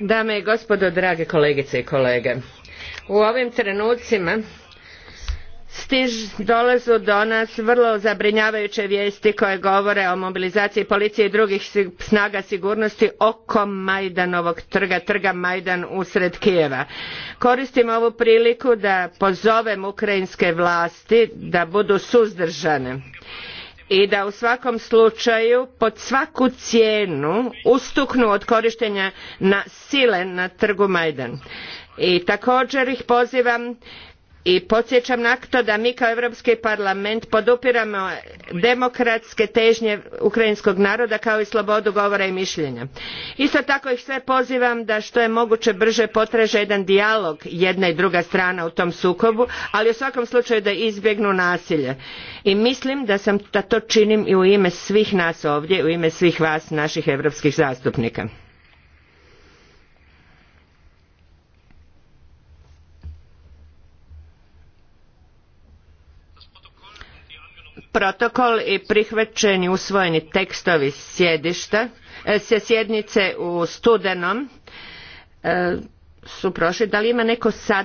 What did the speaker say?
dame i gospodo drage kolegice i kolege u ovim trenucima stiž, dolaze do nas vrlo zabrinjavajuće vijesti koje govore o mobilizaciji policije i drugih snaga sigurnosti oko majdanovog trga trga majdan usred kijeva. koristim ovu priliku da pozovem ukrajinske vlasti da budu suzdržane i da u svakom slučaju pod svaku cijenu ustuknu od korištenja na sile na trgu Majdan. I također ih pozivam i podsjećam na to da mi kao europski parlament podupiremo demokratske težnje ukrajinskog naroda kao i slobodu govora i mišljenja. isto tako ih sve pozivam da što je moguće brže potraže jedan dijalog jedna i druga strana u tom sukobu ali u svakom slučaju da izbjegnu nasilje i mislim da, sam, to činim i u ime svih nas ovdje u ime svih vas naših europskih zastupnika. protokol i prihvaćeni usvojeni tekstovi sjedišta, e, sjednice u studenom e, su prošli. Da li ima neko